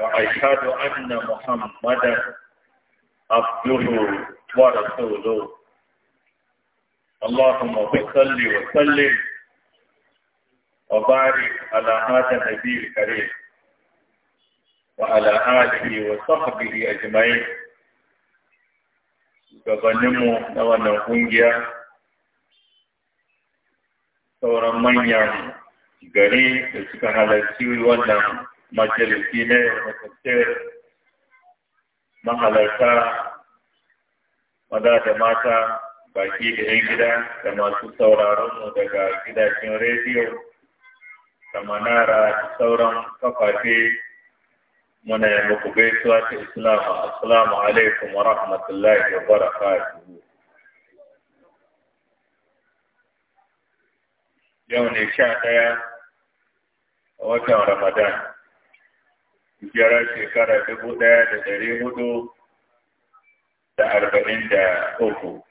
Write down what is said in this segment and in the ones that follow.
وأشهد أن محمدا عبده ورسوله اللهم صل وسلم وبارك على هذا النبي الكريم وعلى آله وصحبه أجمعين gabaninmu na wannan kungiya sauran manyan gari da suka halarci wannan majalisi na yarmatattar mahalarta maza da mata baki da yan gida da masu sauraron mu daga gidajen rediyo da manara da sauran kafafe muna yi muku gaisuwa ta islam assalamu alaikum wa rahmatullahi wa barakatuhu yau ne sha ɗaya a watan ramadan jira shekara dubu ɗaya da ɗari hudu da arba'in da uku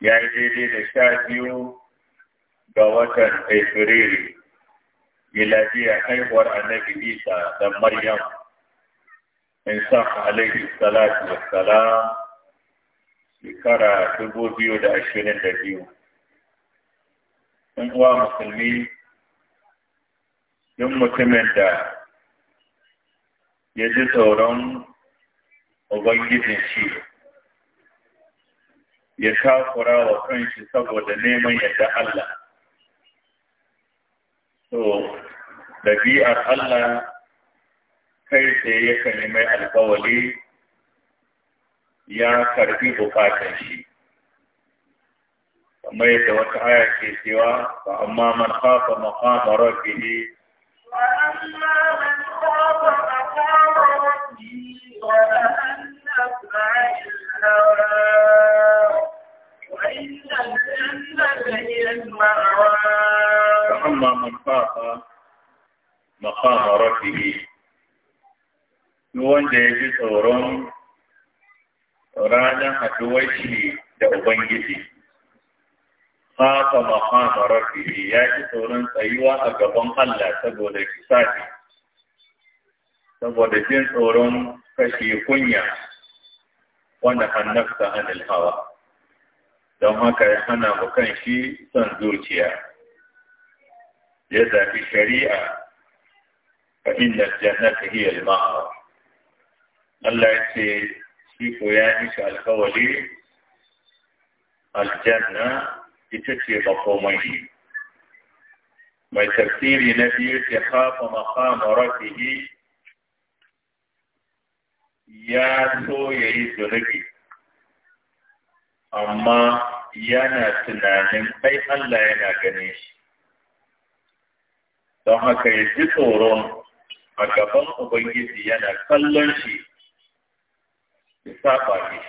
ya yi daidai da sha biyu ga watan Fabrairu, miladiya haihuwar annabi Isa da Maryam, in san alaihi salatu wa salam shekara dubu biyu da ashirin da biyu. In uwa musulmi, yin mutumin da ya ji tsoron Ubangijin shi, ya shakura wa kanshi saboda neman yadda Allah. So, ɗabi'ar Allah kai sai yakan yi mai alkawali ya karfi bukatar shi. kamar yadda wata aya ke cewa amma man kafa maqama rabbih وأن نتبع الهوى وإن الجنة فأما من خاف مقام ربه wanda ya ji tsoron ranar haduwar da Ubangiji, haka makama rafi ya ji tsoron tsayuwa a gaban Allah saboda kisafi. saboda jin tsoron kashe kunya wanda hannafsa anil hawa don haka ya hana mu kan shi son zuciya ya zafi shari'a a inda jannata hiya Allah ya ce shi ko ya shi alkawali aljanna ita ce komai. mai tafsiri na biyu ce kafa makama fiye ya so ya yi zunubi amma yana tunanin ai Allah yana gane shi don haka ya ji tsoron a gaban Ubangiji yana kallon shi ya saba ne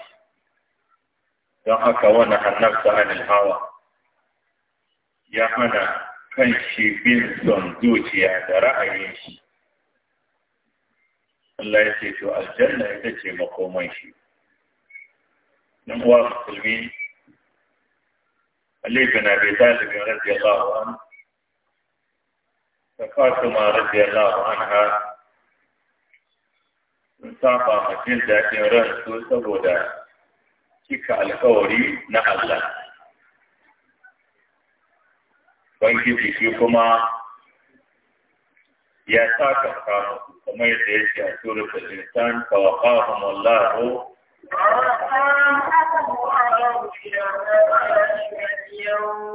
don haka wani annabta anil hawa ya hana kan shi bin son zuciya da ra'ayin shi Allah ya ce to aljanna ita ce makoman shi nan uwa musulmi Ali bin Abi Talib ta anhu da Fatima radiyallahu anha sun saba ma jin daɗin su saboda cika alkawari na Allah. Bankin shi kuma یا تا کا سمے دے کے اسور پاکستان توقاهم الله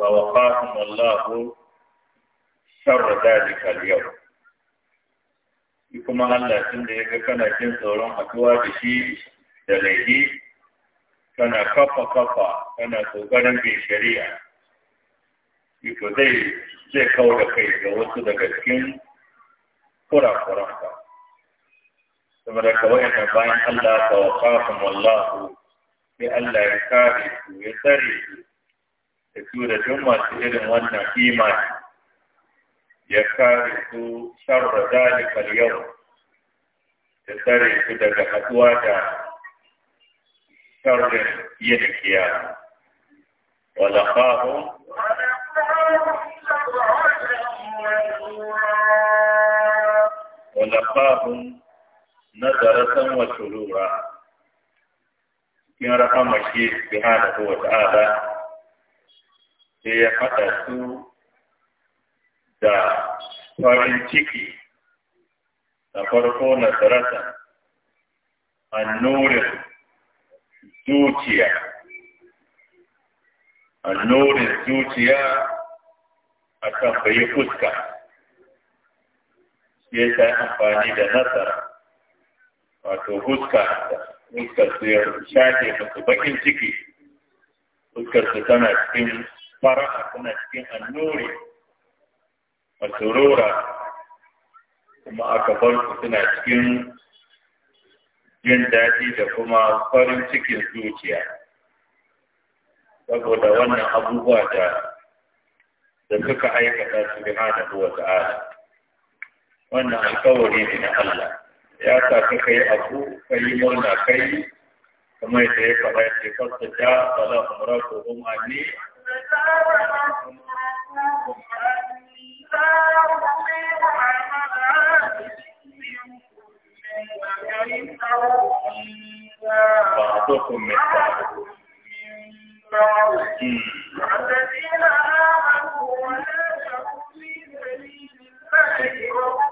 توقاهم الله شر ذلك اليوم يكون على سند كان كان سورون اكوا بشي دلهي كان كفا كفا كان سوغان بشريعه يكون دي سيكو دكاي جوتو دكاي kurakuranka saboda ka wayan bayan Allah ta wakafin wallahu sai Allah ya kare su ya tsare su da su da duk masu irin wannan imani ya kare su sharra zalikal yau ya tsare su daga haɗuwa da sharrin yin kiyama wala khafun ولقاهم نظرة وسرورا cikin rahama shi subhanahu wa ta'ala sai ya haɗa su da farin ciki da farko na sarata annurin zuciya annurin zuciya a kan fuska ya ta yi amfani da nasar wato huska huskar su ya shafe masu bakin ciki huskar su tana cikin fara tana cikin annuri masu rora kuma aka bar su suna cikin jin daɗi da kuma farin cikin zuciya saboda wannan abubuwa da suka aikata su bi hana ta'ala wannan alkawari ne na Allah ya sa ka kai abu ka yi murna kai kuma yadda ya faɗa ce fasta ja fala umra ko umarni بعضكم من بعض الذين آمنوا ولا تكونوا من سبيل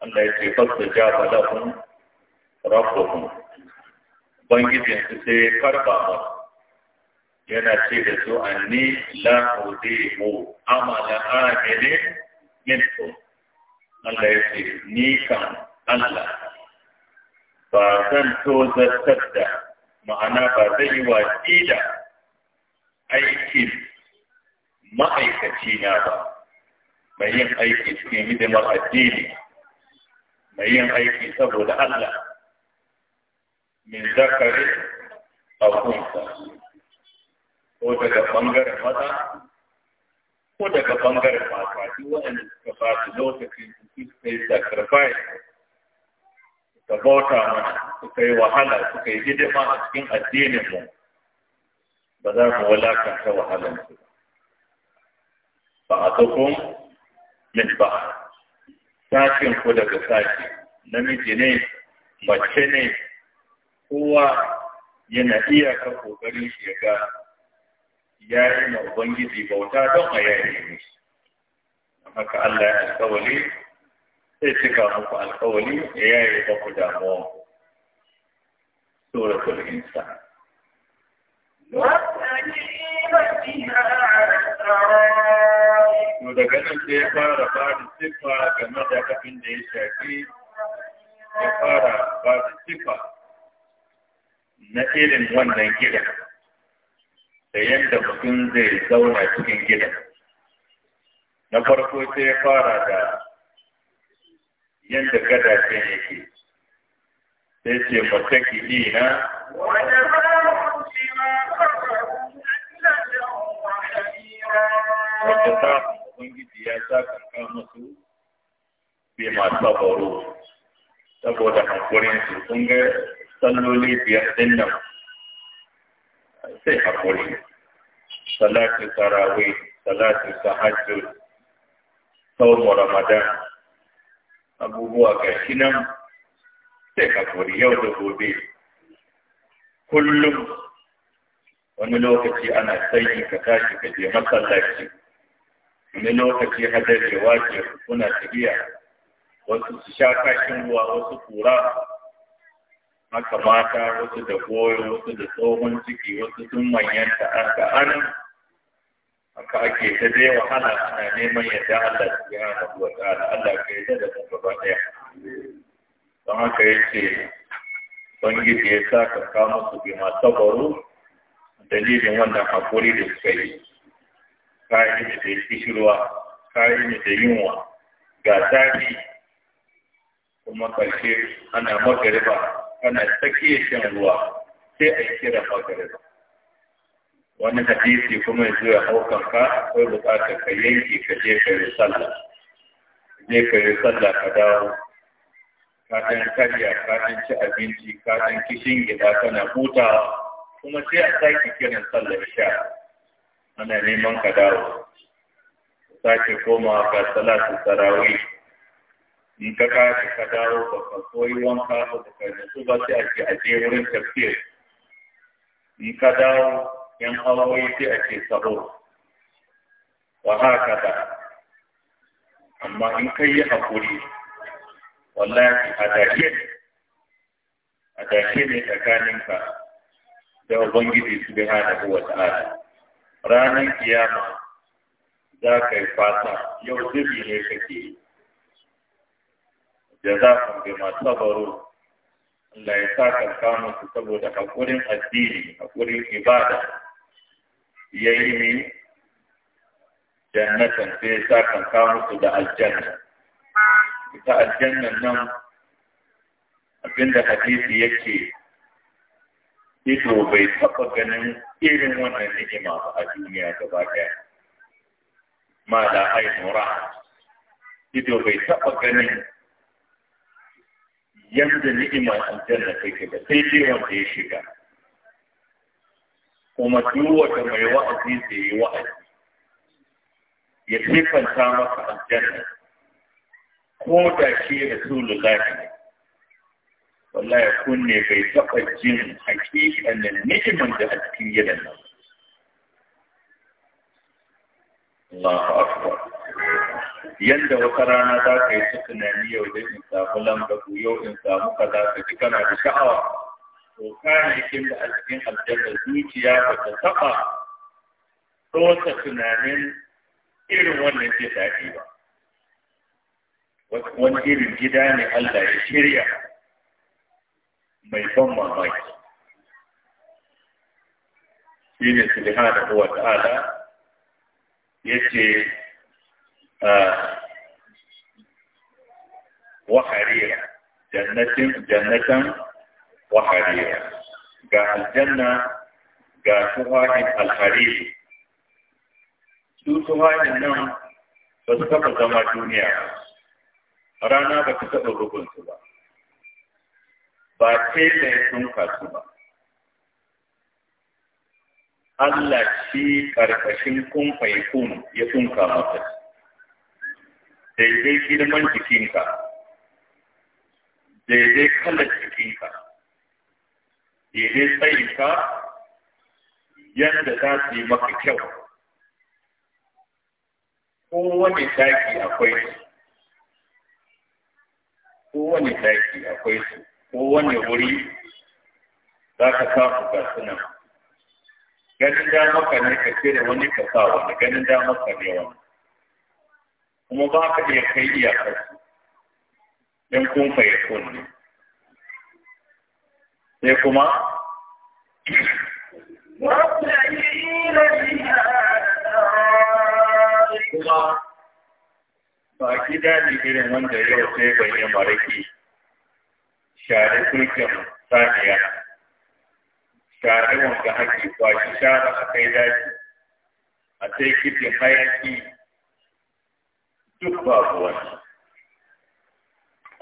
Allah ya ce fastajaba lahum rabbuhum ubangijin su sai karba musu yana ce da su anni la udimu amala amilin minkum Allah ya ce ni kan Allah ba zan so zartar da ma'ana ba zai yi watsi da aikin ma'aikaci na ba mai yin aiki cikin hidimar addini mai yin aiki saboda Allah min zakari a kunsa ko daga ɓangaren maza ko daga ɓangaren mata duk waɗanda suka ba su lokacin su suka yi sacrifice suka bauta mana suka yi wahala suka yi hidima a cikin addininmu ba za mu walakanta wahalansu ba Ba a tsakon min ba sashin ko daga sashi namiji ne mace ne kowa yana iyaka kokarin shi ya ga ya yi na ubangiji bauta don a yayi mishi haka Allah ya alkawali sai cika muku alkawali ya yayi ba ku damuwa suratul insan وَأَنِيبَ بِهَا عَلَى الصَّرَاطِ to daga nan sai ya fara bada siffa game da abin da ya shafi ya fara bada siffa na irin wannan gidan da yadda mutum zai zauna cikin gidan na farko sai ya fara da yadda gada ce yake sai ce mataki na wani fara ubangiji ya sakanka musu bi masu sabaro saboda hankulin su kun ga salloli biyar din nan sai hakuri salatu tarawih salatu tahajjud saumu ramadan abubuwa ga shi nan sai hakuri yau da gobe kullum wani lokaci ana sanyi ka tashi ka je masallaci wani lokaci hadar da wace kuna tafiya wasu su sha kashin ruwa wasu kura haka mata wasu da goyo wasu da tsohon ciki wasu sun manyanta aka an haka ake ta dai wahala ana neman yadda Allah ya subhanahu wa ta'ala Allah ka yi da ta gaba ɗaya. don haka ya ce, bangiji ya sa ka kama su bi ma sabaru dalilin wannan hakuri da suka yi kayan da da kishirwa kayan da da yunwa ga zafi kuma ƙarshe ana magariba ana tsakiya shan ruwa sai a yi kira magariba wani hadisi kuma ya zuwa haukan ka akwai bukatar ka yanki ka je ka yi sallah je ka yi sallah ka dawo ka karya ka ci abinci ka kishin gida kana hutawa kuma sai a sake kiran sallar sha ana neman ka dawo sake koma ga salatu tarawih in ka kashi ka dawo ba ka koyi wanka ba ka su ba sai ake aje wurin tafsir in ka dawo yan hawaye sai ake sabo wa haka ba amma in ka yi haƙuri wallahi a dashe a dashe ne tsakaninka da ubangiji su bi hada kowace ta'ala ranar kiyama za ka yi fata yau zubi ne kake ka jazakum masu sabaru Allah ya sa kamun su saboda haƙurin addini haƙurin ibada ya yi mi jannatan sai ya sa kamun su da aljanna ita aljannan nan abinda hadisi yake ido bai taɓa ganin irin wannan ni'ima ba a duniya gaba ɗaya. Ma da ainura, ido bai taɓa ganin yadda ni'ima aljanna take ba sai dai wanda ya shiga. Kuma duk wata mai wa'azi zai yi wa'azi. Ya sifanta maka aljanna, ko da shi Rasulullahi ne. wallahi kunne bai taɓa jin hakikanin ni'iman da a cikin gidan nan Allahu Akbar yanda wata rana za ka yi ta tunani yau da in samu lambaku yau in samu kaza ka ji kana da sha'awa to kayayyakin da a cikin aljanna zuciya ba ta taɓa ɗosa tunanin irin wannan ce daɗi ba wani irin gida ne Allah ya shirya mai ban mamaki shi ne subhanahu wa ta'ala ce wa ah, wahariya jannatin jannatan wahariya ga aljanna ga tuhahin alhariri su tuhahin nan ba su kafa zama duniya rana ba su taɓa rubunsu ba ba kai da ya tunka su ba Allah shi ƙarƙashin kumfai kun ya tunka maka daidai girman jikinka daidai kalar jikinka daidai tsayinka yadda za su yi maka kyau kowane daki akwai su kowane daki akwai su kowane wuri za ka samu ga sunan ganin damar ka ne ka ce da wani ka sa wani ganin damar ka ne wani kuma ba ka iya kai iyakar su don kun ya kone sai kuma kuma ba gida ne irin wanda yau sai bayyana maraki share turken saniya share wanda ake kwashi shara a kai daji a sai kitin hayaki duk babu wani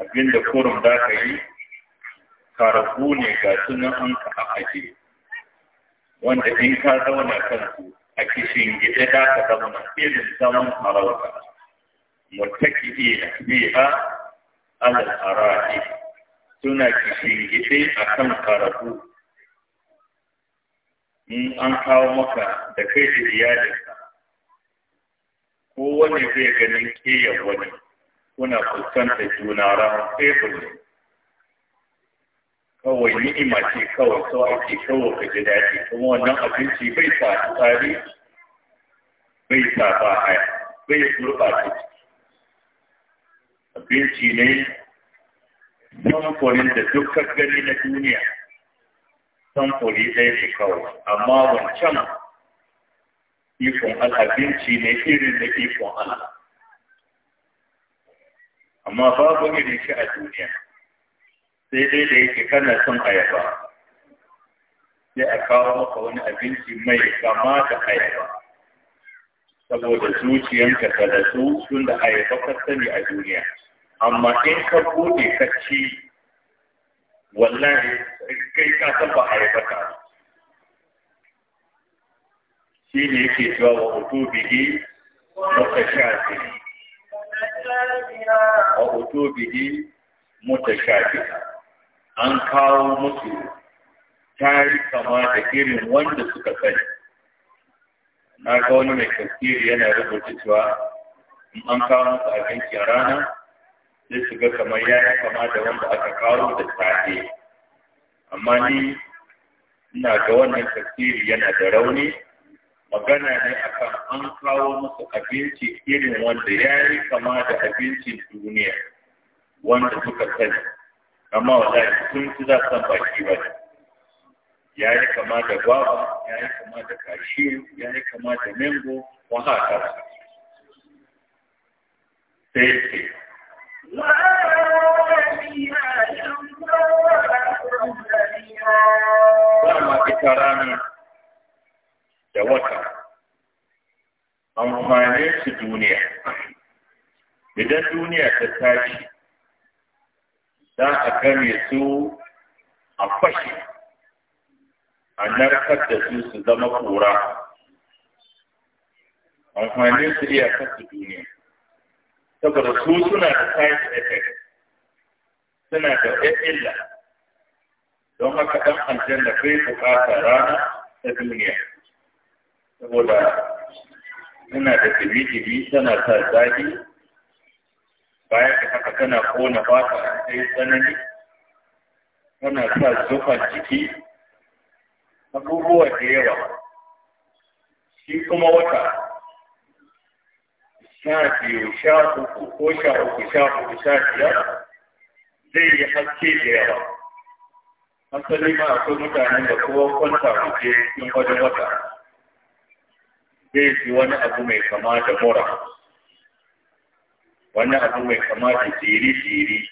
abinda kurum da ka yi karabu ne ga sunan an ka aje wanda in ka zauna kansu a kishin gida da ka zauna irin zaman farauta mutaki iya biya alal ara'i suna kishingide a kan karabu in an kawo maka da kai da iyalinka wani zai ganin keyan wani kuna fuskanta juna ranar tebur ne kawai ni'ima ce kawai sau ake kawo ka ji daɗi kuma wannan abinci bai sa tsari bai sa ba a bai ciki abinci ne samfurin da dukkan gani na duniya samfuri ɗaya ne kawai amma wancan ikon al'abinci ne irin na ikon Allah amma babu irin shi a duniya sai dai da yake kana son ayaba sai a kawo maka wani abinci mai kama da ayaba saboda zuciyanka ta da su tun da ayaba ka sani a duniya amma in ka bude ka ci wallahi kai ka san ba a yi baka shi ne yake cewa wa hoto bihi shafi. wa hoto bihi shafi an kawo musu tari kama da irin wanda suka sani na ga wani mai tafsiri yana rubuta cewa in an kawo musu abinci a rana zai shiga kamar ya yi kama da wanda aka kawo da safe amma ni ina ga wannan tafsiri yana da rauni magana ne akan an kawo musu abinci irin wanda ya yi kama da abincin duniya wanda suka sani amma wallahi sun ci za san baki ba ya yi kama da gwaba ya yi kama da kashi ya yi kama da mango wahaka sai ce Dama ita rana da wata amfanin su duniya. Idan duniya ta tashi, za a kame su a fashe, a narkar da su su zama kura. Amfanin su iyakar su duniya. saboda su suna da side effect suna da illa don haka ɗan aljanna bai bukata rana ta duniya saboda suna da jimi-jimi tana sa zafi bayan da haka tana kona fata a sai tsanani tana sa zufan jiki abubuwa da yawa shi kuma wata sha biyu sha uku ko sha uku sha uku sha biyar zai yi haske da yawa asali ma akwai mutanen da kowa kwanta kuke cikin wajen wata zai fi wani abu mai kama da mura wani abu mai kama da jiri-jiri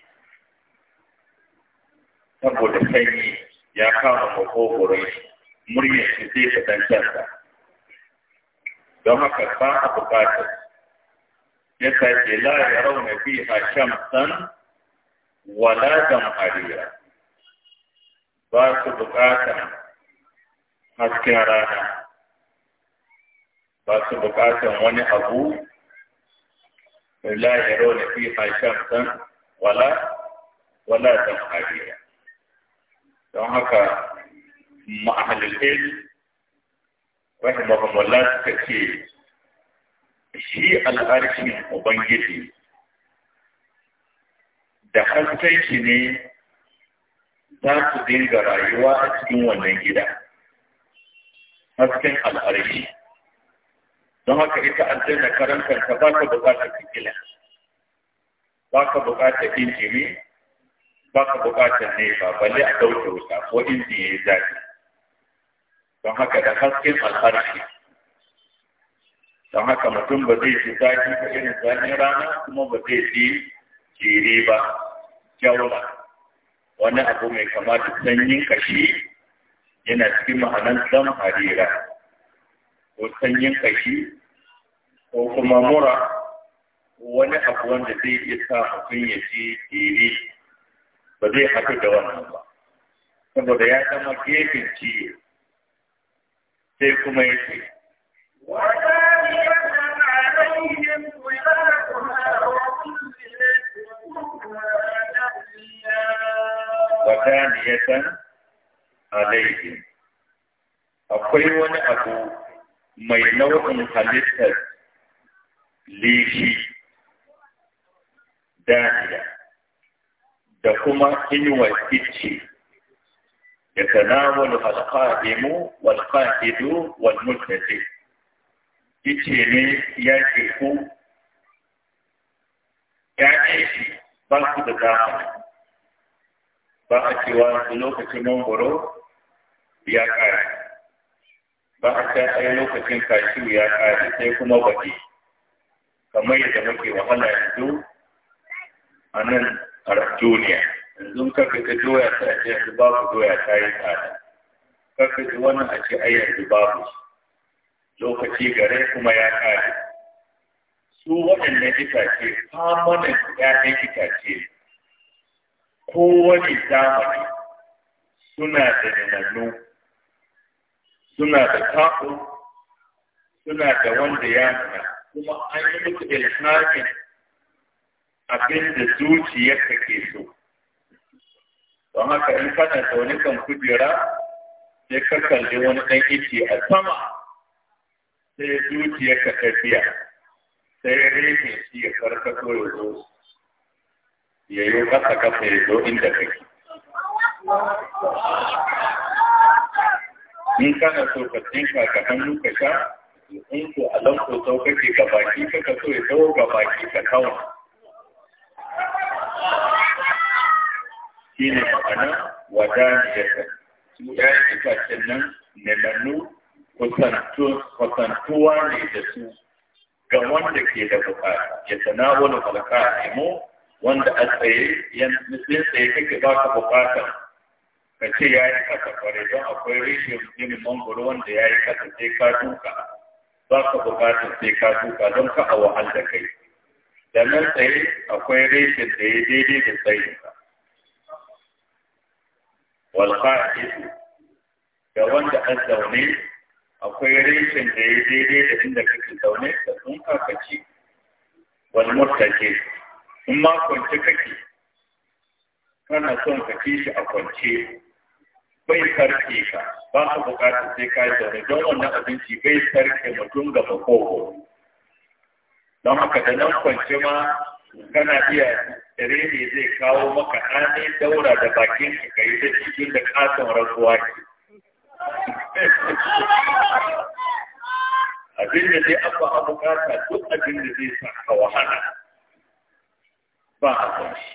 saboda sanyi ya kama makogoron shi muryar shi zai ta don haka ba a buƙatar. ya sake la ya rauna fi san wala zamhariya ba su bukatan hasken rana ba su bukatan wani abu la ya rauna fi san wala wala zamhariya don haka ma'ahalin ilmi rahimahumullah suka ce shi al'arshin ubangiji da hasken shi ne za su dinga rayuwa a cikin wannan gida hasken al'arshi don haka ita aljanna karantar ka ba ka bukatar fitila ba ka bukatar injini ba ka bukatar nefa balle a dauke wuta ko inji ya yi zafi don haka da hasken al'arshi don haka mutum ba zai ci zafi ba irin zafin rana kuma ba zai shi jere ba jaula wani abu mai kamata sanyin kashi yana cikin ma'anar zan harira ko sanyin kashi ko kuma mura wani abu wanda zai iya sa mutum ya ci jere ba zai haɗu da wannan ba saboda ya zama gefen ciye, sai kuma ya ce wataniyatan alaihim akwai wani abu mai nau'in halittar lishi daniya da kuma inuwar icce ya tanawar alƙa'imu walƙa'idu walmutaje icce ne ya ke ku Ya shi ba su da dama ba a cewa lokacin mangoro ya kare ba a ta tsaye lokacin kashiyu ya kare sai kuma baɗi kamar yadda muke wahala yanzu a nan a duniya yanzu karka ta doya ta ce yanzu babu doya ta yi tsada karka ji wani a ce ai yanzu babu lokaci gare kuma ya kare su waɗannan itace kamanin ‘ya'yan itace kowane zamani suna da nanannu suna da taɓo suna da wanda ya nuna kuma an yi musu ilhamin abin da zuciyarka ke so don haka in kana wani kan kujera sai ka kalli wani ɗan ice a sama sai zuciyarka tafiya sai ya rike shi ya karkato ya zo ya yi kasa kasa ya zo inda kake in kana so ka tsinka ka hannu ka sha in ko alam ko sau kake ka baki ka ka so ya dawo ga baki ka kawo shi ne ma'ana wadaniyarsa su ‘ya'yan itacen nan nemannu kusantuwa ne da su ga wanda ke da bukata ya a alqaimu wanda a tsaye ya nufin tsaye kake ba ka bukata ka ce ya yi kasa kware don akwai rishin yin mangoro wanda ya yi kasa sai ka duka ba ka bukata sai ka duka don ka a wahal da kai da nan tsaye akwai rishin da ya daidai da tsaye ka walƙa'idu ga wanda an zaune akwai reshen da ya daidai da inda kake zaune da sun kakaci wani murtake in ma kwance kake kana son ka ci shi a kwance bai karfe ka ba ka bukatar sai ka yi zaune don wannan abinci bai karke mutum ga makoko don haka da nan kwance ma kana iya tsere ne zai kawo maka ɗane daura da bakin ka yi da cikin da ƙasan rasuwa ke abin da dai abba a bukata duk abin da zai sa ka wahala ba a san shi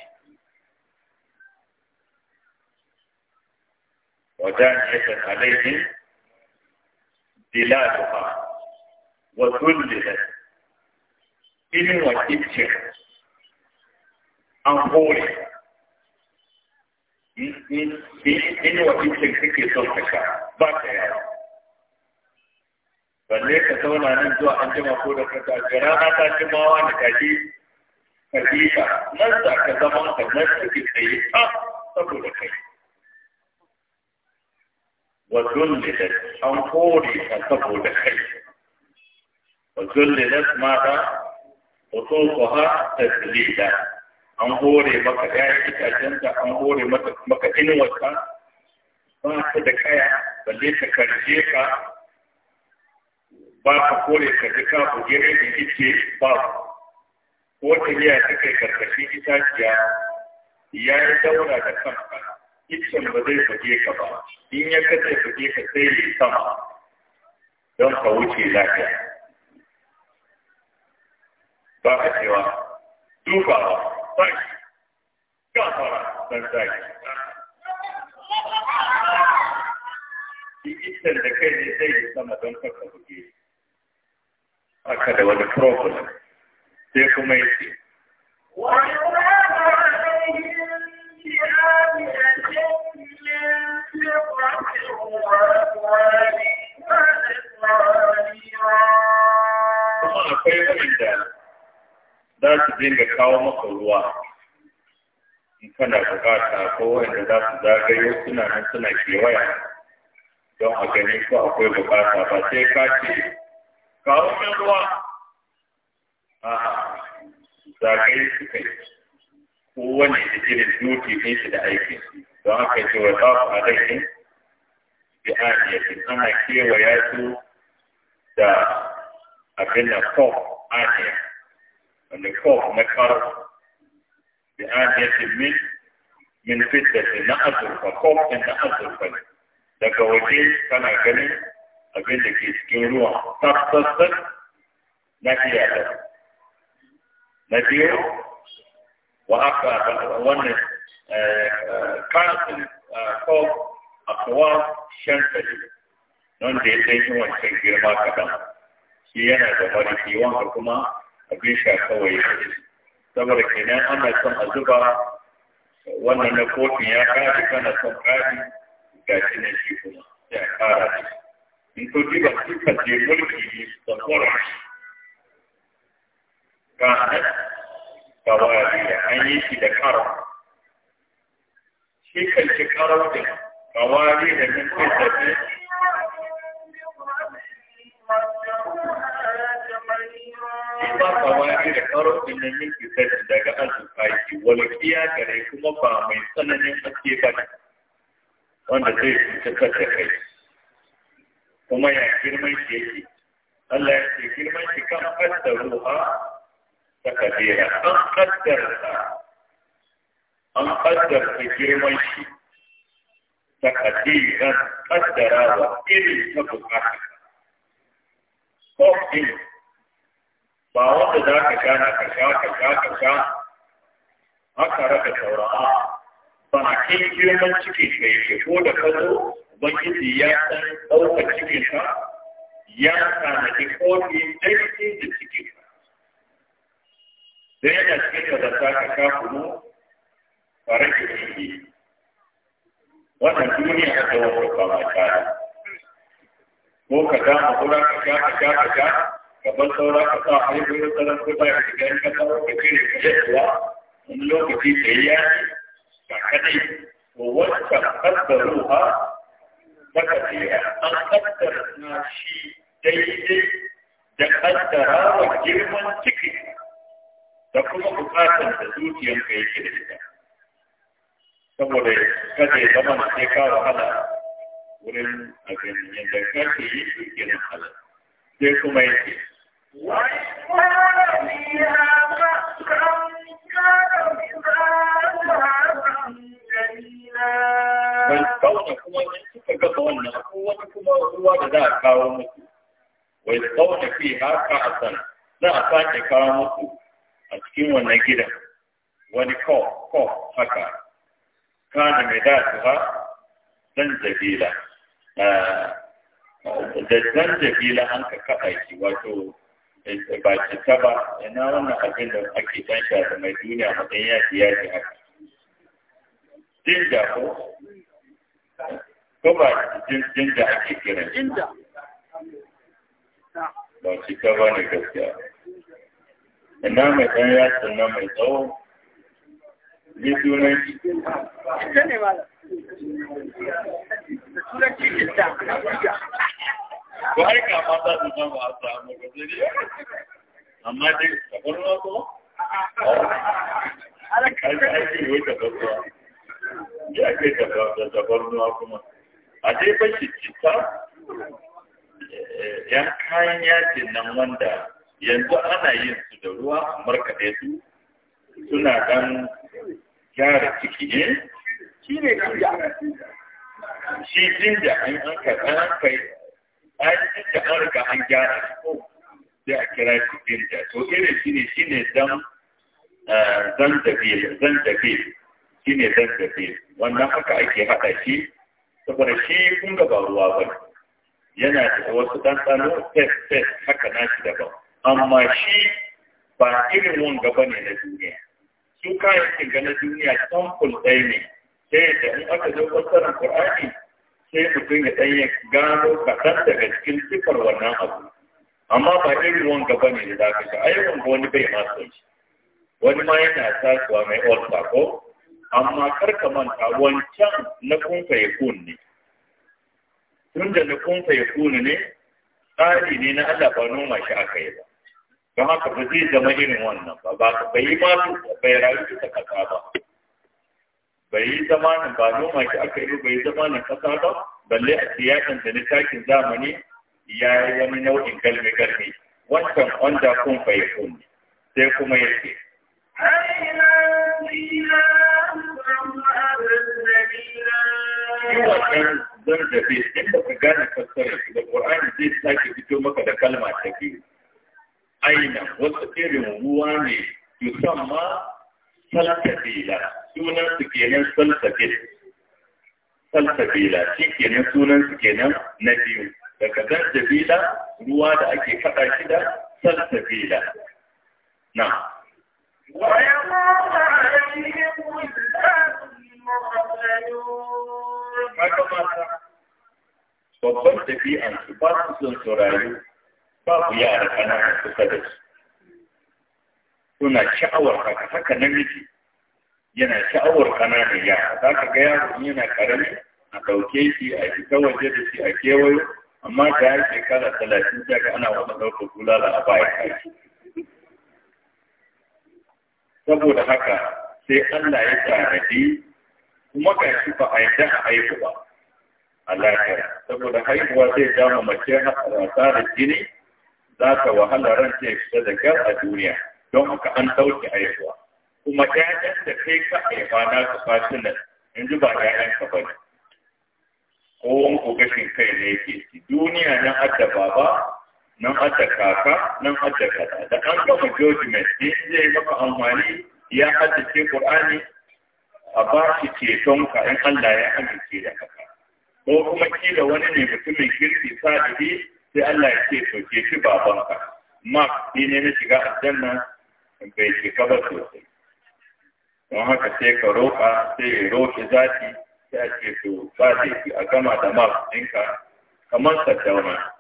wadaniyatan alaihim dilaluha wa dhullilat inuwa kicin an hore in wakilcin kake son ka ba ta yawa balle ka zauna nan zuwa an jima ko da kanka ga rana ta ci mawa da kaji kalifa nan da ka zama ka nan suke tsaye a saboda kai wa zullilat an kore ka saboda kai wa ko mata wa tsofaha taslila an hore maka ɗayan itacenta an hore maka inuwarta ba ta da kaya zai ta karshe ka ba ka kore ka ji ka bugire da ice ba ko ta yi a kai karkashin itaciya ya yi daura da kanka icen ba zai fage ka ba in ya kace fage ka sai ya sama don ka wuce lafiya ba a cewa dubawa baki gafara dan zaki shi iskan da kai ne zai yi sama don kaka buge haka da wani problem sai kuma ya ce wani Kuma akwai waɗanda za su dinga kawo maka ruwa in kana bukata ko wanda za su zagayo suna nan suna kewaya don a gani ko akwai bukata ba sai ka ce kawo min ruwa a zagaye suka yi kowane da irin duki ne shi da aiki don haka ce wa za ku alaiki bi aniyati ana kewaya su da abin da a aniyati الخوف مكر بآنية من من فتة نأذر فخوف إن نأذر فلي daga waje kana ganin abin da ke cikin ruwa tabbatar na fiye na biyu wa aka wannan kansin ko akwa shantali wanda ya sai wancan girma kaɗan shi yana da mariki wanda kuma abin sha kawai saboda kenan ana son a zuba wannan na kofin ya kaji kana son kaji ga shi ne shi kuma sai a kara shi in ko jiba dukkan je mulki ne da kora ga ga waya da an yi shi da kara shi kan shi kara da kawari da nufin da kawai da karo ɗinnan yin kisar daga alfaki walƙiya gare kuma ba mai tsananin ake ba wanda zai cutar da kai kuma ya girman shi yake Allah ya ce girman shi kan kaddaru ruha ta kabira an kaddarta an kaddarta girman shi ta kabira kaddara wa irin ta bukata ko irin ba wanda za ka sha ka sha ka sha ka sha haka raka saura'a ba a kai girman cikin ka yake ko da kazo ban ubangiji ya san ɗaukar cikin ka ya tanadi kofi daidai da cikin ka da yana cikin da za ka sha kuma ba rage cikin wannan duniya ta wata kama ta ko ka dama kura ka sha ka sha ka sha kamar sauran aka haifu da tsaron kuta da gidan kasa lokaci da kuke kuwa wani lokaci da ya ba kadai to wacce kaddaru ha baka tsaya na shi daidai da kaddara wa girman ciki da kuma bukatar da zuciyarka da ita saboda kada ya zama na sai ka wahala wurin abin yadda kake yi ke nan halal sai kuma yake Bai kauna kuma in wannan kuma da za a kawo musu. Wai haka a a kawo a cikin wannan gidan. Wani kof, mai da ha dan jabila. Eh, da an ka kaɗa shi wato Eh, ba cika ba ina wannan abin da ake ban shafa mai duniya matsayin ya fi yaji haka jinja ko ko ba jin jinja ake kiran jinja ba cika ba ne gaskiya ina mai ɗan yatsun na mai tsawo ne sunan shi ne ba da sunan shi ko ai ka mata su san ba ta mu ga amma dai kamar ma ko ya kuma a dai ba shi eh, yan kayan yakin nan wanda yanzu ana yin su da ruwa markaɗe su suna ɗan gyara ciki ne eh? shi ne jinja shi an kai ai da an riga an gyara ko sai a kira shi birja to irin shi ne shi ne dan zan eh, zan shi ne zan wannan haka ake haɗa shi saboda shi kun ga ba ruwa ba yana da wasu ɗanɗano fes fes haka nashi daban amma shi ba irin wanga ba ne na duniya su kayayyakin ga na duniya samfur ɗaya ne sai da in aka zo fassarar Qur'ani sai mutum ya ɗan gano kaɗan daga cikin sifar wannan abu amma ba irin ruwan ba ne da za ka sha ai wani bai ma son shi wani ma yana tasowa mai olsa ko amma kar ka manta wancan na kunfa ya ne tun da na kunfa ya ne tsari ne na Allah ba noma shi aka yi ba don haka ba zai zama irin wannan ba ba ka bai ma bai rayu ta kasa ba bai yi zamanin ba noma shi aka yi bai yi zamanin kasa ba balle a siyasan da na takin zamani ya yi wani nau'in galmi galmi wancan wanda kun bai kun sai kuma ya ce Yi wannan zardabe in ba ka gane fassara shi da Qur'ani zai sake fito maka da kalma ta biyu. Aina wasu irin ruwa ne yusamma salsabila sunan su kenan salsabil salsabila shi kenan sunan su kenan na biyu daga zanjabila ruwa da ake faɗa shi da salsabila na babban tafiyan su ba su sun su rayu babu yara kanana kusa da su suna sha'awar haka haka namiji yana sha'awar ƙananan yara za ka ga yaro yana ƙarami a ɗauke shi a fita waje da shi a kewayo amma da ya shekara talatin ta ga ana wata ɗaukar da a baya kai saboda haka sai Allah ya tsaradi kuma ga shi ba a yadda a haihu ba a lafiya saboda haihuwa zai dama mace a da jini za ka wahala ran ta fita da kyau a duniya don haka an ɗauke haihuwa kuma ƴaƴan da kai ka haifa na ka in ji ba ƴaƴan ka bane kowan ku gashin kai ne yake ci duniya nan hadda baba nan hadda kaka nan hadda kaza da an gama judgment ne zai maka amfani ya ce ƙur'ani a ba shi ka in Allah ya amince da haka ko kuma ki da wani ne mutumin kirki sadihi sai Allah ya ce to ke shi babanka ma ne na shiga aljanna bai cika ba sosai don haka sai ka roƙa sai ya roƙi zaki sai a ce to ba zai a gama da map ɗinka kamar saddauna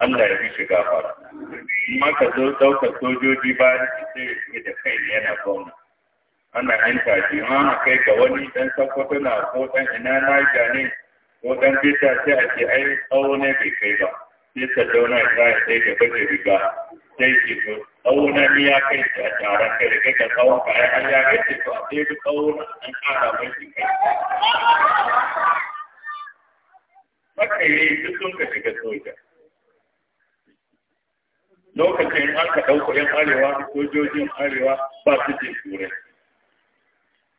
Allah ya fi shiga fara amma ka zo ɗaukar sojoji bayan sai ya fi da kai ne yana gwamna ana yan taji ma kai ga wani ɗan sakwato ko ɗan ina na ne ko ɗan bita sai a ce ai tsawo ne bai kai ba sai saddauna ya sa ya sai da baje riga sai ke tsawona ni ya kai ta a taron kai da kai tsawon kaya an ya kai ta to a sai bi tsawona an kara mai shi kai. Maka yi duk sun ka shiga soja. Lokacin an ka ɗauko ‘yan arewa sojojin arewa ba su je turai.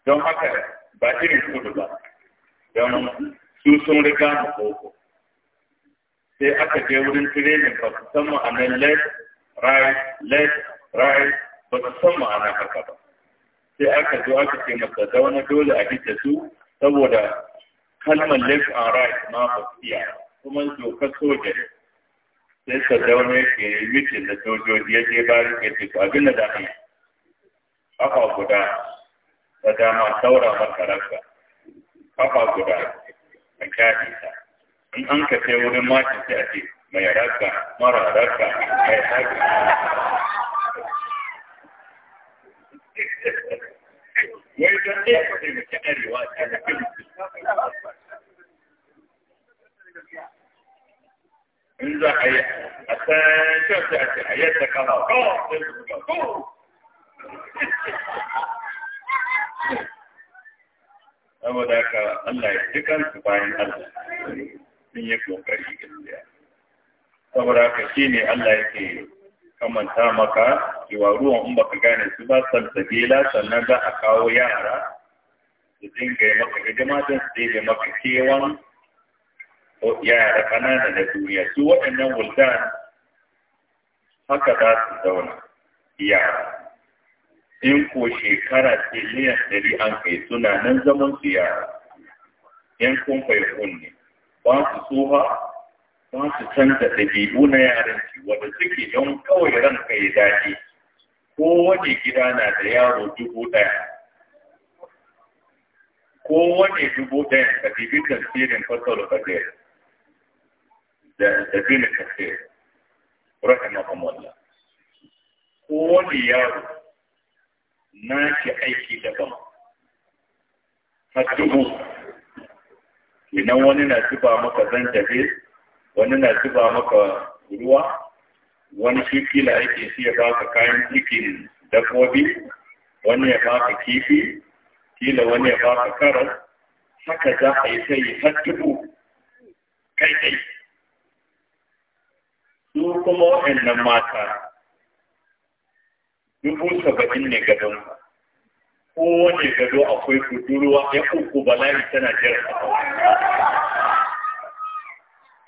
Don haka ba irin kudu ba. Don su sun riga mu koko. Sai aka je wurin tirenin ba su a nan lai right left right ba su san ma'ana haka ba sai aka zo aka ce masa da wani dole a gita su saboda kalmar left and right ma ba su iya kuma doka soja sai ka zaune ke yi da sojoji ya je bari ke ce abin da zafi kafa guda da dama saura maka kafa guda a kyaɗi in an ka wurin mace sai a ce mai raka mara raka mai haka wai don ɗaya ka taimaki arewa ta da kan in za a yi a san shafi a ce a yadda kama kawai saboda haka Allah ya ji kansu bayan Allah sun yi kokari gaskiya saboda haka shi ne Allah yake kamanta maka cewa ruwan in baka gane su ba salsabila sannan za a kawo yara su dinga yi maka hidima don su dinga maka kewan yara ƙanana da duniya su waɗannan wuldan haka za su zauna yara in ko shekara ce miliyan ɗari an kai suna nan zaman su yara yan kun ne ba su tsoha don su canza ɗabi'u na yaranci wanda suke don kawai ranka ya dace wani gida na da yaro dubu ɗaya wani dubu ɗaya ka tafi tafsirin fasar kadir da bin makamalla. Ko wani yaro na ke aiki daban har dubu idan wani na zuba maka zan tafi. wani na zuba maka ruwa wani shi fila yake shi ya baka kayan cikin dabbobi wani ya baka kifi kila wani ya baka karar. haka za a yi sai har dubu kai kai su kuma waɗannan mata dubu saba'in ne gadon wani gado akwai budurwa ya uku bala'i tana jira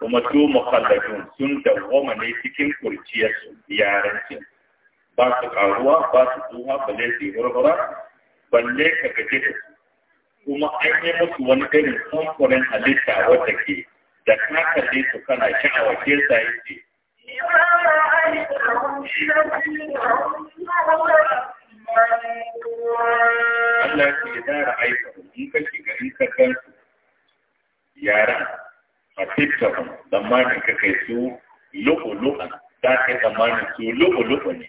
kuma su mukallafin sun goma ne cikin kurciyarsu yaranci ba su karuwa ba su tsuha balle su gurgura hurhura balle ka gaje da su kuma an yi musu wani irin samfurin halitta wadda ke da ka kalle su kana sha'awa ke sa yake Allah ya ce da ra'ayi in ka shiga in ka gansu yaran fasittahu tsammanin ka kai su lu'ulu'a ta kai tsammanin su lu'ulu'u ne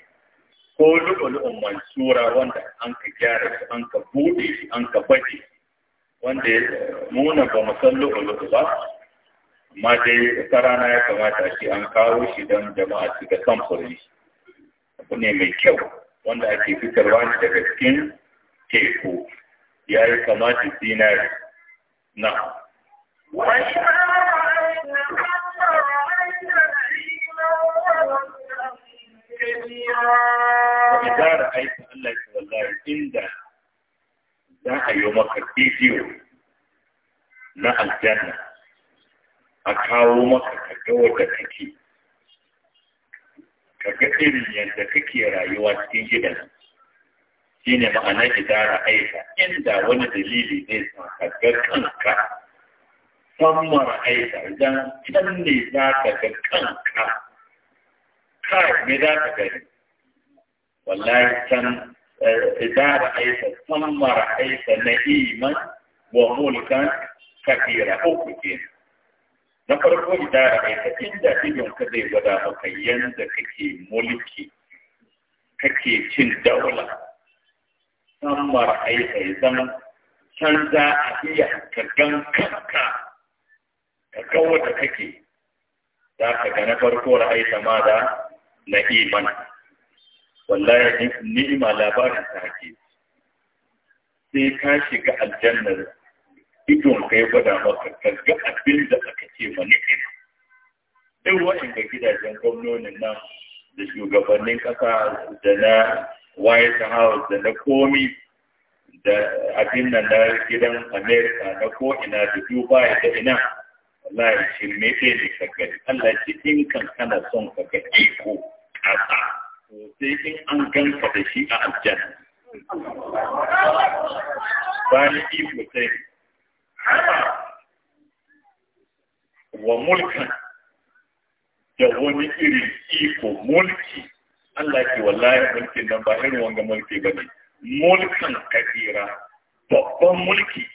ko lu'ulu'un mansura wanda an ka gyara su an ka buɗe su an ka baje wanda ya nuna ba mu san lu'ulu'u ba amma dai ta rana ya kamata shi an kawo shi don jama'a su ga samfurin shi abu ne mai kyau wanda ake fitarwa ne daga cikin teku ya yi kamata zinari na Wani Idan ra'aita Allah ya wallahi inda za a yi maka bidiyo na aljanna a kawo maka ka ga wanda kake ka ga irin yadda kake rayuwa cikin gidan shi ne ma'anar idan ra'aita inda wani dalili zai sa ka ga kanka san ra'aita idan ne za ka ga kanka kawai me za ka gani wallahi can eh, idan ra'aita aisa na iman wa mulkan kafira uku ke na farko idan aisa inda idon ka zai gwada maka yanda kake mulki kake cin daula samma aisa ya zama can za a iya ka gan kanka ka kawo da kake za ka ga na farko ra'aita ma da Na iman, wallahi ni'ima labarin ta ke. sai ka shiga aljannar idon ka ya gwada maka ka ga abin da aka ce ma ni'ima duk wa'inda gidajen gwamnonin nan da shugabannin ƙasa da na white house da na komi da abin nan na gidan america na ko'ina da dubai da ina wallahi shi me ke da kake Allah ce in kan kana son ka ga iko kasa to sai in an ganka da shi a aljanna Bani iko sai wa mulkan da wani irin iko mulki Allah ke wallahi mulkin nan ba irin wanga mulki ba ne mulkan kabira babban mulki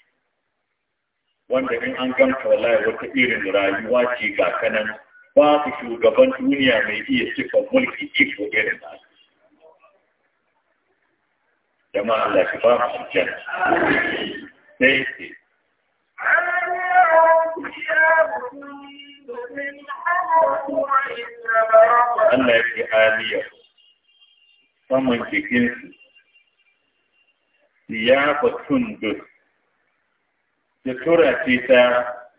wanda in an gamta wallahi wata irin rayuwa ce ga kanan babu shugaban duniya mai iya cika mulki iko irin su. jama'a Allah shi ba mu aljanna sai ce Allah ya ce aliyar saman jikinsu ya batun dusu Da tura ce ta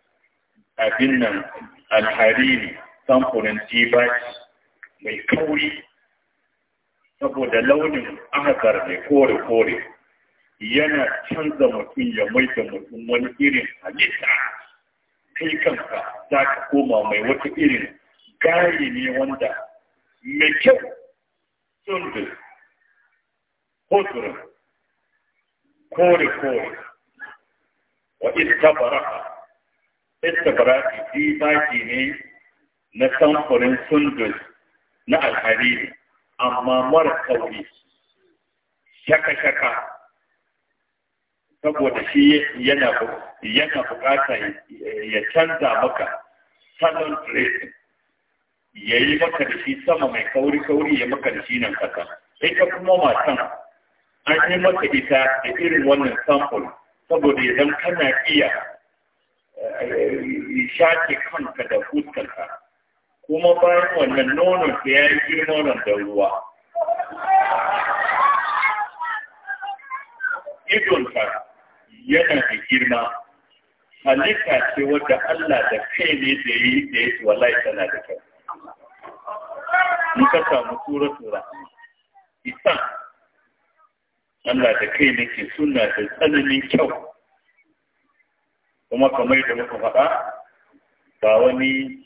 abin nan alhariri samfurin jibaci mai kauri saboda launin ahakar mai kore-kore yana canza mutum ya mai da mutum wani irin halitta kai kanka za ka koma mai wata irin gaye ne wanda mai kyau sundu hoturin kore-kore wa istabara istabara fi baki ne na samfurin sundus na alhariri amma mara kauri shaka-shaka saboda shi yana bukata ya canza maka salon dressing ya yi maka da shi sama mai kauri-kauri ya maka da shi nan kasa ita kuma matan an yi maka ita da irin wannan samfurin saboda idan kana iya eh, shaƙe kanka da fuskarka kuma bayan wannan nonon da ya yi nonon da ruwa idonka yana da girma halitta ce wadda Allah da kai ne da yi da ya wallahi tana da kyau in samu tura tura isan Allah da kai nake suna da tsananin kyau kuma kamar da muka faɗa ba wani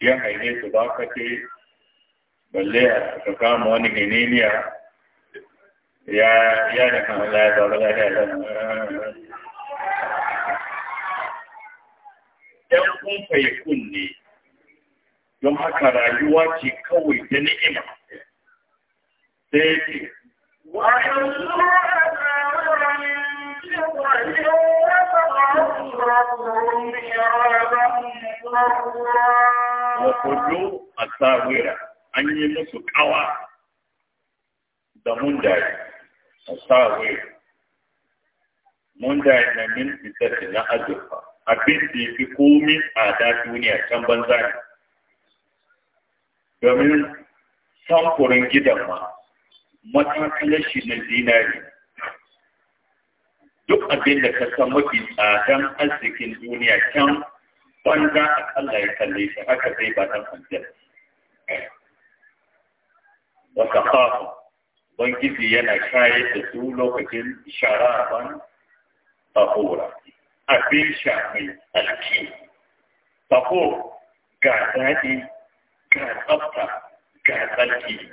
ya haine su ba ka ce balle a ka kama wani ganeniya ya ya da kan Allah ya ba lafiya da ɗan kun fayyakun ne don haka rayuwa ce kawai da ni'ima sai ce وحلوا أسارا من فضة وقعوا شرابا طهورا da mundaye a sawe mundaye na min fitar na azurfa abin da ya fi komin tsada duniya can banza ne domin samfurin gidan ma matsalar shi na zinari duk abin da ka san mafi tsadan arzikin duniya can banza a Allah ya kalle shi haka zai ba dan kwanciyar wata kafa bangiji yana shayar da su lokacin sharafan tahura abin sha mai alki tahur ga daɗi ga tsafta ga tsarki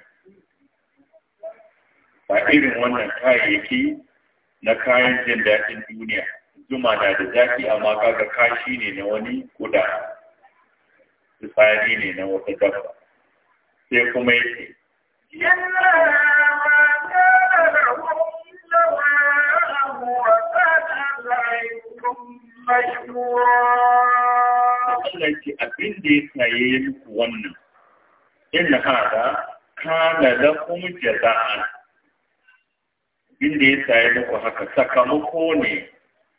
ba irin wannan kayayyaki na kayan jin daɗin duniya zuma na da zafi, amma kaga kashi ne na wani kuda tsari ne na wata dabba sai kuma yake Allah ce abin da ya saye muku wannan, in kana da kuma jaza'a inda ya sayi muku haka sakamako ne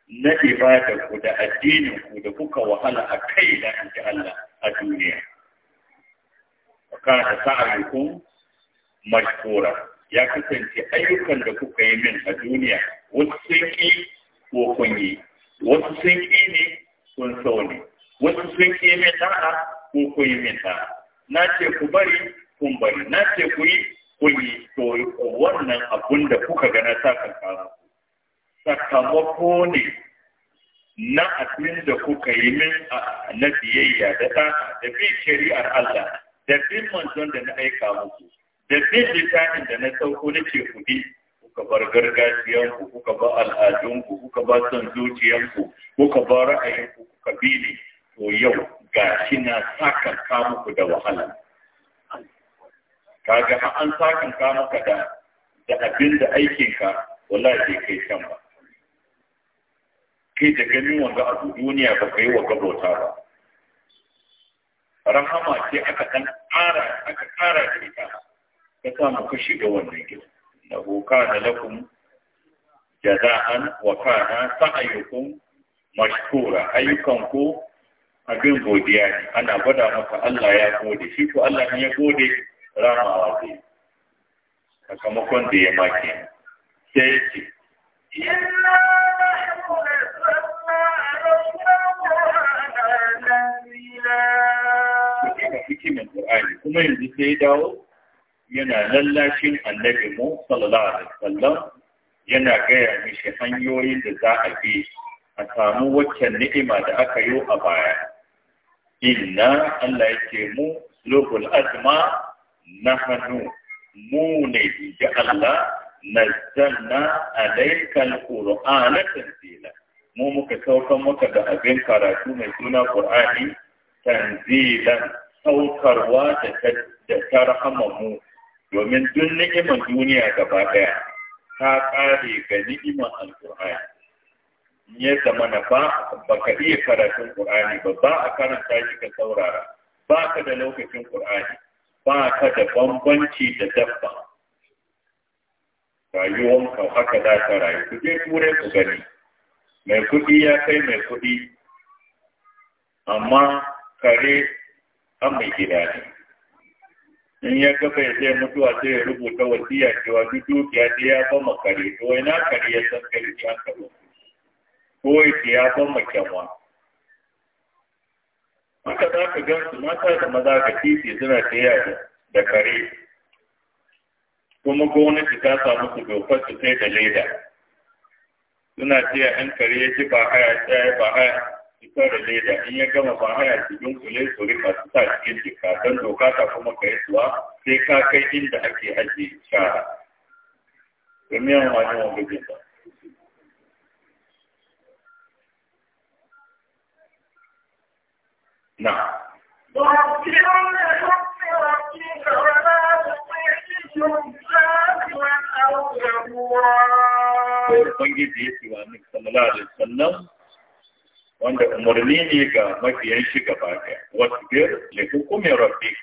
na ibada ku da addinin ku da kuka wahala a kai da an Allah a duniya. Kana sa'arikun mashkura ya kasance ayyukan da kuka yi min a duniya wasu sun ƙi ko kun yi, wasu sun ƙi ne kun sau wasu sun ƙi min ta'a ko kun yi min Na ce ku bari kun bari, na ce ku yi kuli to wannan abun da kuka gana ta kankara sakamako ne na abin da kuka yi min na biyayya da ta da bi shari'ar Allah da bi manzon da na aika muku da bi littafin da na sauko ce ku bi kuka bar gargajiyanku kuka bar al'adunku kuka bar son zuciyanku kuka bar ra'ayinku kuka bi ne to yau ga shi na saka muku da wahala kaga ha an sakan ka maka da da abin da aikin ka wallahi bai kai kan ba kai da ganin wanda a duniya ba kai wa gabota ba rahama ce aka kan ara aka ƙara da ita ta sa mu ku shiga wannan gida boka da lakum jaza'an wa kana sa'ayukum mashkura ayyukan ku abin godiya ne ana gwada maka Allah ya gode shi ko Allah ne ya gode ramawa ce, sakamakon da ya maki sai ce kuma yanzu sai dawo yana lallashin annabi mu sallallahu alaihi wasallam yana gaya mishi hanyoyin da za a bi a samu waccan ni'ima da aka yi a baya inna Allah yake mu lokul azma نحن مولد جعلنا نزلنا عليك القرآن تنزيلا مومك صوتا موكا دا أبين كاراتو مزونا قرآن تنزيلا صوتا رواتا تشارح ممو ومن دنك من نعم دنيا كبابا تاقادي غنيك ما القرآن ni zama na ba baka iya karatun Qur'ani ba ba a karanta shi ka saurara ba ka da lokacin Qur'ani ba ka da bambanci da dabba ka haka za ka rayu ku je kure ku gani mai kuɗi ya kai mai kuɗi amma kare an mai gida ne in ya kafa ya sai mutuwa sai ya rubuta wasiya cewa duk dukiya ta ya bama kare to ina kare ya san kare ya kafa ko ya bama kyanwa haka za ka ga su mata da maza ka titi suna tafiya da kare kuma gwamnati ta samu su dokar su sai da leda suna tafiya ɗan kare ya ji ba haya ta ba haya fitar da leda in ya gama ba haya yi, kule su rika su sa cikin jika don doka ta kuma kai suwa sai ka kai inda ake ajiye shara domin yawan wani wani gudun ba نعم ya wanda umarni ne ga mafiyan shi gaba ɗaya biyar li hukumi rabbik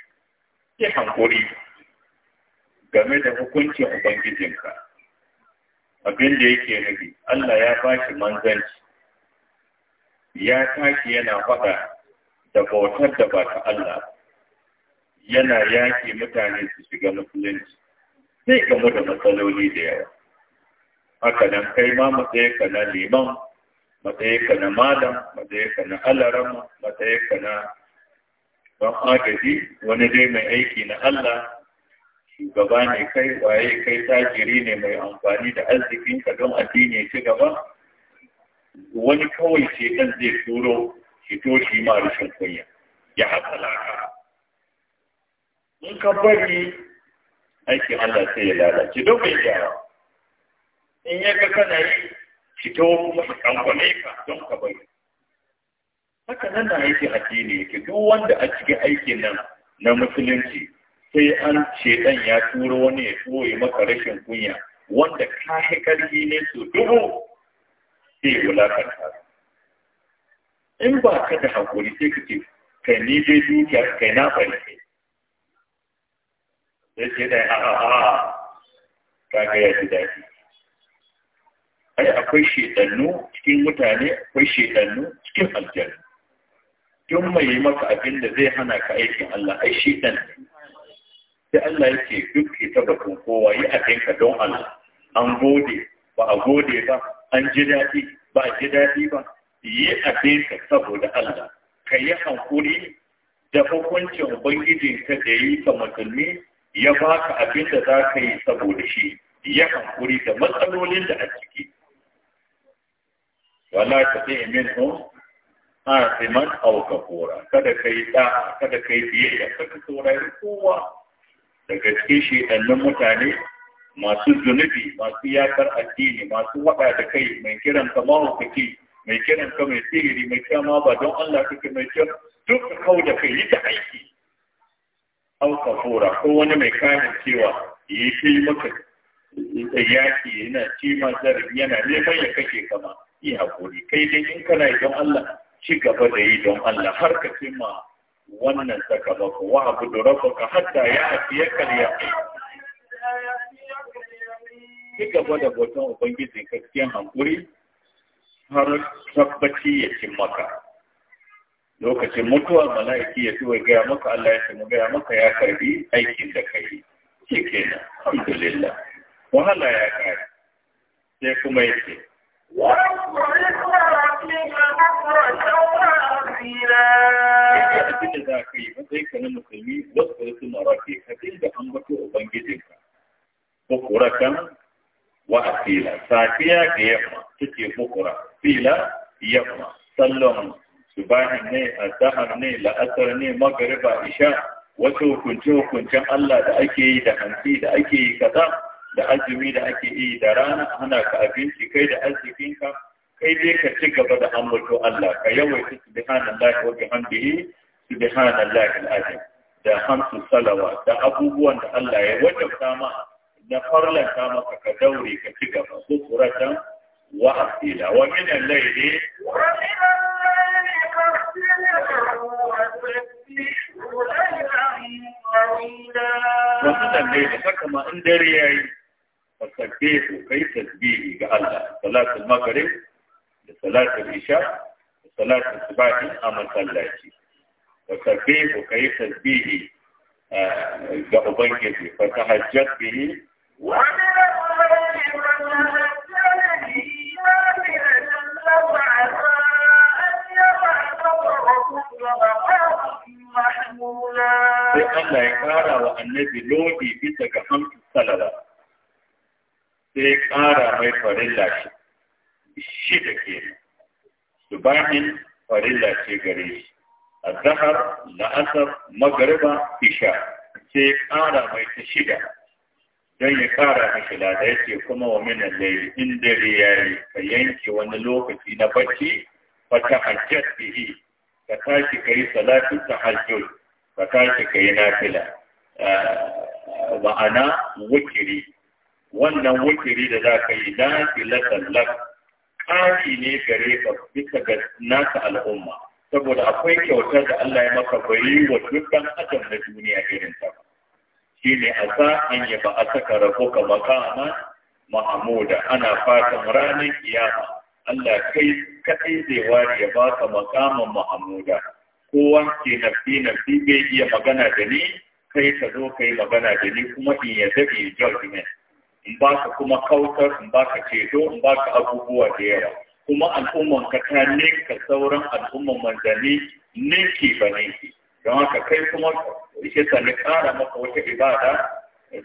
ki hankuri game da hukuncin ubangijinka abin da yake nufi Allah ya bashi manzanci ya tashi yana faɗa da bautar da ba ta Allah yana yaƙi mutane su shiga musulunci sai gamu da matsaloli da yawa haka nan kai ma matsayinka na liman matsayinka na malam matsayinka na alarama matsayinka na ban agaji wani dai mai aiki na Allah shugaba ne kai waye kai tajiri ne mai amfani da arzikinka don addini ya ci gaba wani kawai shekan zai turo fito shi ma rashin kunya ya haka laka in ka bari aikin Allah sai ya lalace don bai gyara in ya ga kana yi fito masa kankwane ka don ka bari haka nan na aiki addini yake duk wanda a cikin aikin nan na musulunci sai an ce dan ya turo wani ya turo maka rashin kunya wanda ka karfi ne su dubu sai wulakanta in ba ka da hankali sai ka ce kai ni dai dukiya kai na bari sai ce dai a a a ka ga ya ji daɗi ai akwai shedannu cikin mutane akwai shedannu cikin aljanna tun mai maka abin da zai hana ka aikin Allah ai shedan sai Allah yake duk ke batun kowa yi abinka don Allah an gode ba a gode ba an ji daɗi ba a ji daɗi ba yi abin ka saboda Allah ka yi hankuri da hukuncin ubangijin ka da yi ka musulmi ya baka abin da za ka yi saboda shi yi hankuri da matsalolin da a ciki wala ka ce min a siman auka kora, kada ka yi ɗa kada ka yi biye biyayya kada saurari kowa daga cikin ɗannan mutane masu zunubi masu yakar addini masu waɗa da kai mai kiran ka mahaukaci mai kiran ka mai sihiri mai kyama ba don Allah kake mai kyan duk ka da kai yi ta aiki au kafura ko wani mai kayan cewa yi shi maka yaki yana ci ma zarafi yana neman ya kake kama yi hakuri kai dai in kana yi don Allah ci gaba da yi don Allah har ka ce ma wannan sakamako wa abu da rafuka hatta ya ya karya ci gaba da bautan ubangiji gaskiyan hankuri har tabbaci ya cin maka lokacin mutuwa mala'iki ya tuwa gaya maka Allah ya mu gaya maka ya karbi aikin da kai shi kenan alhamdulillah wahala ya kare sai kuma ya ce abin da za a kai ba zai na musulmi wasu da su mara ke ka dinga ambato ubangijinka ko kan wa asila safiya da yamma take kura. fila yamma sallan subahin ne azhar ne la'asar ne magriba isha wasu hukunce hukuncin Allah da ake yi da hanci da ake yi kaza da azumi da ake yi da rana ana ka abinci kai da arzikinka kai dai ka ci gaba da ambato Allah ka yawaita subhanallahi wa bihamdihi subhanallahi alazim da hamsu salawa da abubuwan da Allah ya wajabta ma na farlanta maka ka daure ka ci gaba su suratan وقتلا ومن الليل ومن الليل حكم ان درياي فسبيه كي تسبيه الله صلاة المغرب لصلاة العشاء لصلاة الصباح أما صلاة وسبيه كي تسبيه ga Ubangiji, فتحجت به hajjar Sai Allah ya ƙara wa annabi lodi bisa ga hamsin salara. Sai ƙara mai farilla shi, shi da ke Subahin farilla ce gare shi. zahar la'asar, magariba, isha. Sai ƙara mai ta shida. Don ya ƙara mashi lada yake kuma wa minan laifin in dare ya yi ka yanke wani lokaci na bacci fata hajjar bihi ka tashi ka yi salatin tahajjud ka tashi ka yi nafila ah, ma'ana wukiri wannan wukiri da za ka yi nafila sallar ƙari ne gare ka bisa ga naka al'umma saboda akwai kyautar da Allah ya maka bari wa dukkan adam na duniya irin ta shi ne a sa'an ya ba a saka rabo ka makama mahamuda ana fatan ranar kiyama Allah kai kaɗai zai ware ya ba ka makaman wanke Kowa fi na fi bai iya magana da ni, kai ka zo ka magana da ni kuma in ya yadda in judgment. In ba ka kuma kautar, in ba ka ceto, in ba ka abubuwa da yawa. Kuma al'umman ka ta ka sauran al'umman manzanni ninki ba ninki. Don haka kai kuma ta sani ƙara maka wata ibada,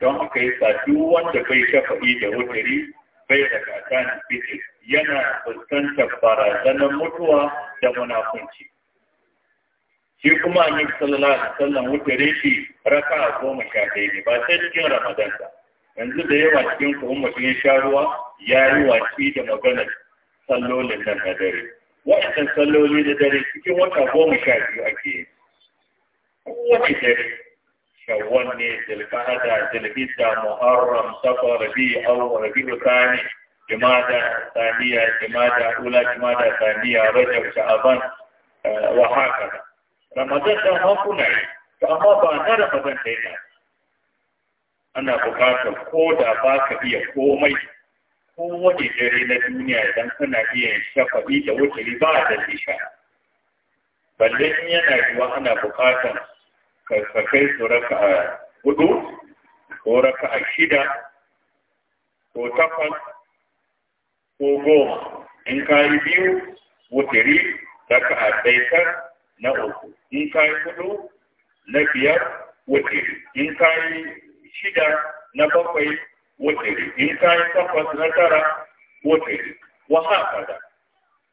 don haka yi duk wanda bai shafa'i da wutari bai da kakanin fiti yana fuskantar barazanar mutuwa da munafunci. Shi kuma annabi sallallahu alaihi wasallam wutare shi raka goma sha ɗaya ne ba sai cikin Ramadan ba. Yanzu da yawa cikin ku umma sun sha ruwa ya yi watsi da maganar sallolin nan na dare. Wa'annan salloli da dare cikin wata goma sha biyu ake yi. Kowace dare شوال تلقاها ذلقعدة محرم سفر بي أو ربيع ثاني جمادة ثانية جمادة أولى جمادة ثانية رجب شعبان آه، وهكذا رمضان ده ما كنا فأما بعد رمضان هنا أنا bukatar ko da ba كومي iya komai ko wani dare na duniya idan kana iya shafa'i da wuturi ba da nisha ka kai su raka a hudu ko raka a shida ko takwas ko goma in ka yi biyu wuturi raka a tsaitar na uku in ka yi hudu na biyar wuturi in ka yi shida na bakwai wuturi in ka yi takwas na tara wuturi wa haka da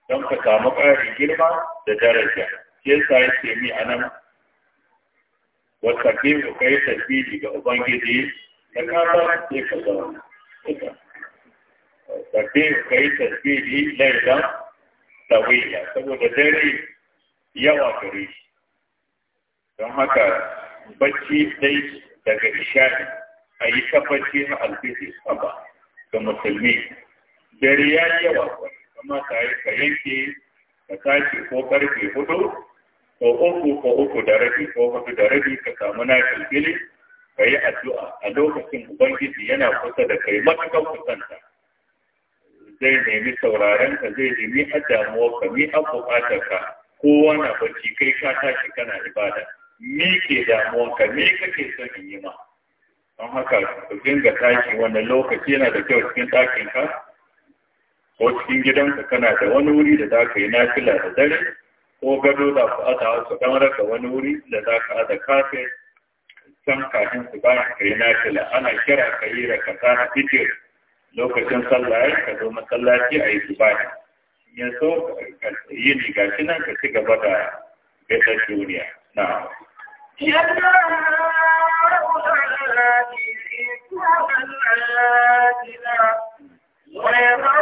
don ka samu ƙarin girma da daraja. Yasa yake mi a nan wata kimi ka yi tasiri ga ubangiji ta ka ba su ka zauna tasiri ka yi tasiri lailan tawila saboda dare yawa gare shi don haka bacci dai daga ishari a yi ta bacci na alfisi saba ga musulmi dare ya yi yawa kuma ka yi ka yanke ka tashi ko karfe hudu ko uku ko uku da rabi ko hudu da rabi ka samu na filfili ka yi addu'a a lokacin ubangiji yana kusa da kai matakan kusanta zai nemi sauraren ka zai nemi adamuwa ka mi a buƙatar ka kowa na bacci kai ka tashi kana ibada mi ke damuwa ka mi kake son in yi ma don haka ku dinga tashi wannan lokaci yana da kyau cikin ɗakin ka ko cikin gidanka kana da wani wuri da za ka yi nafila da dare ko gado za ku aza wasu kamar raka wani wuri da za ka aza kafin can kafin su ba ka yi nafila ana kira ka yi da na fitir lokacin sallah ka zo masallaci a yi su ba ya so yi ni shi nan ka ci gaba da gaisar duniya na ويرون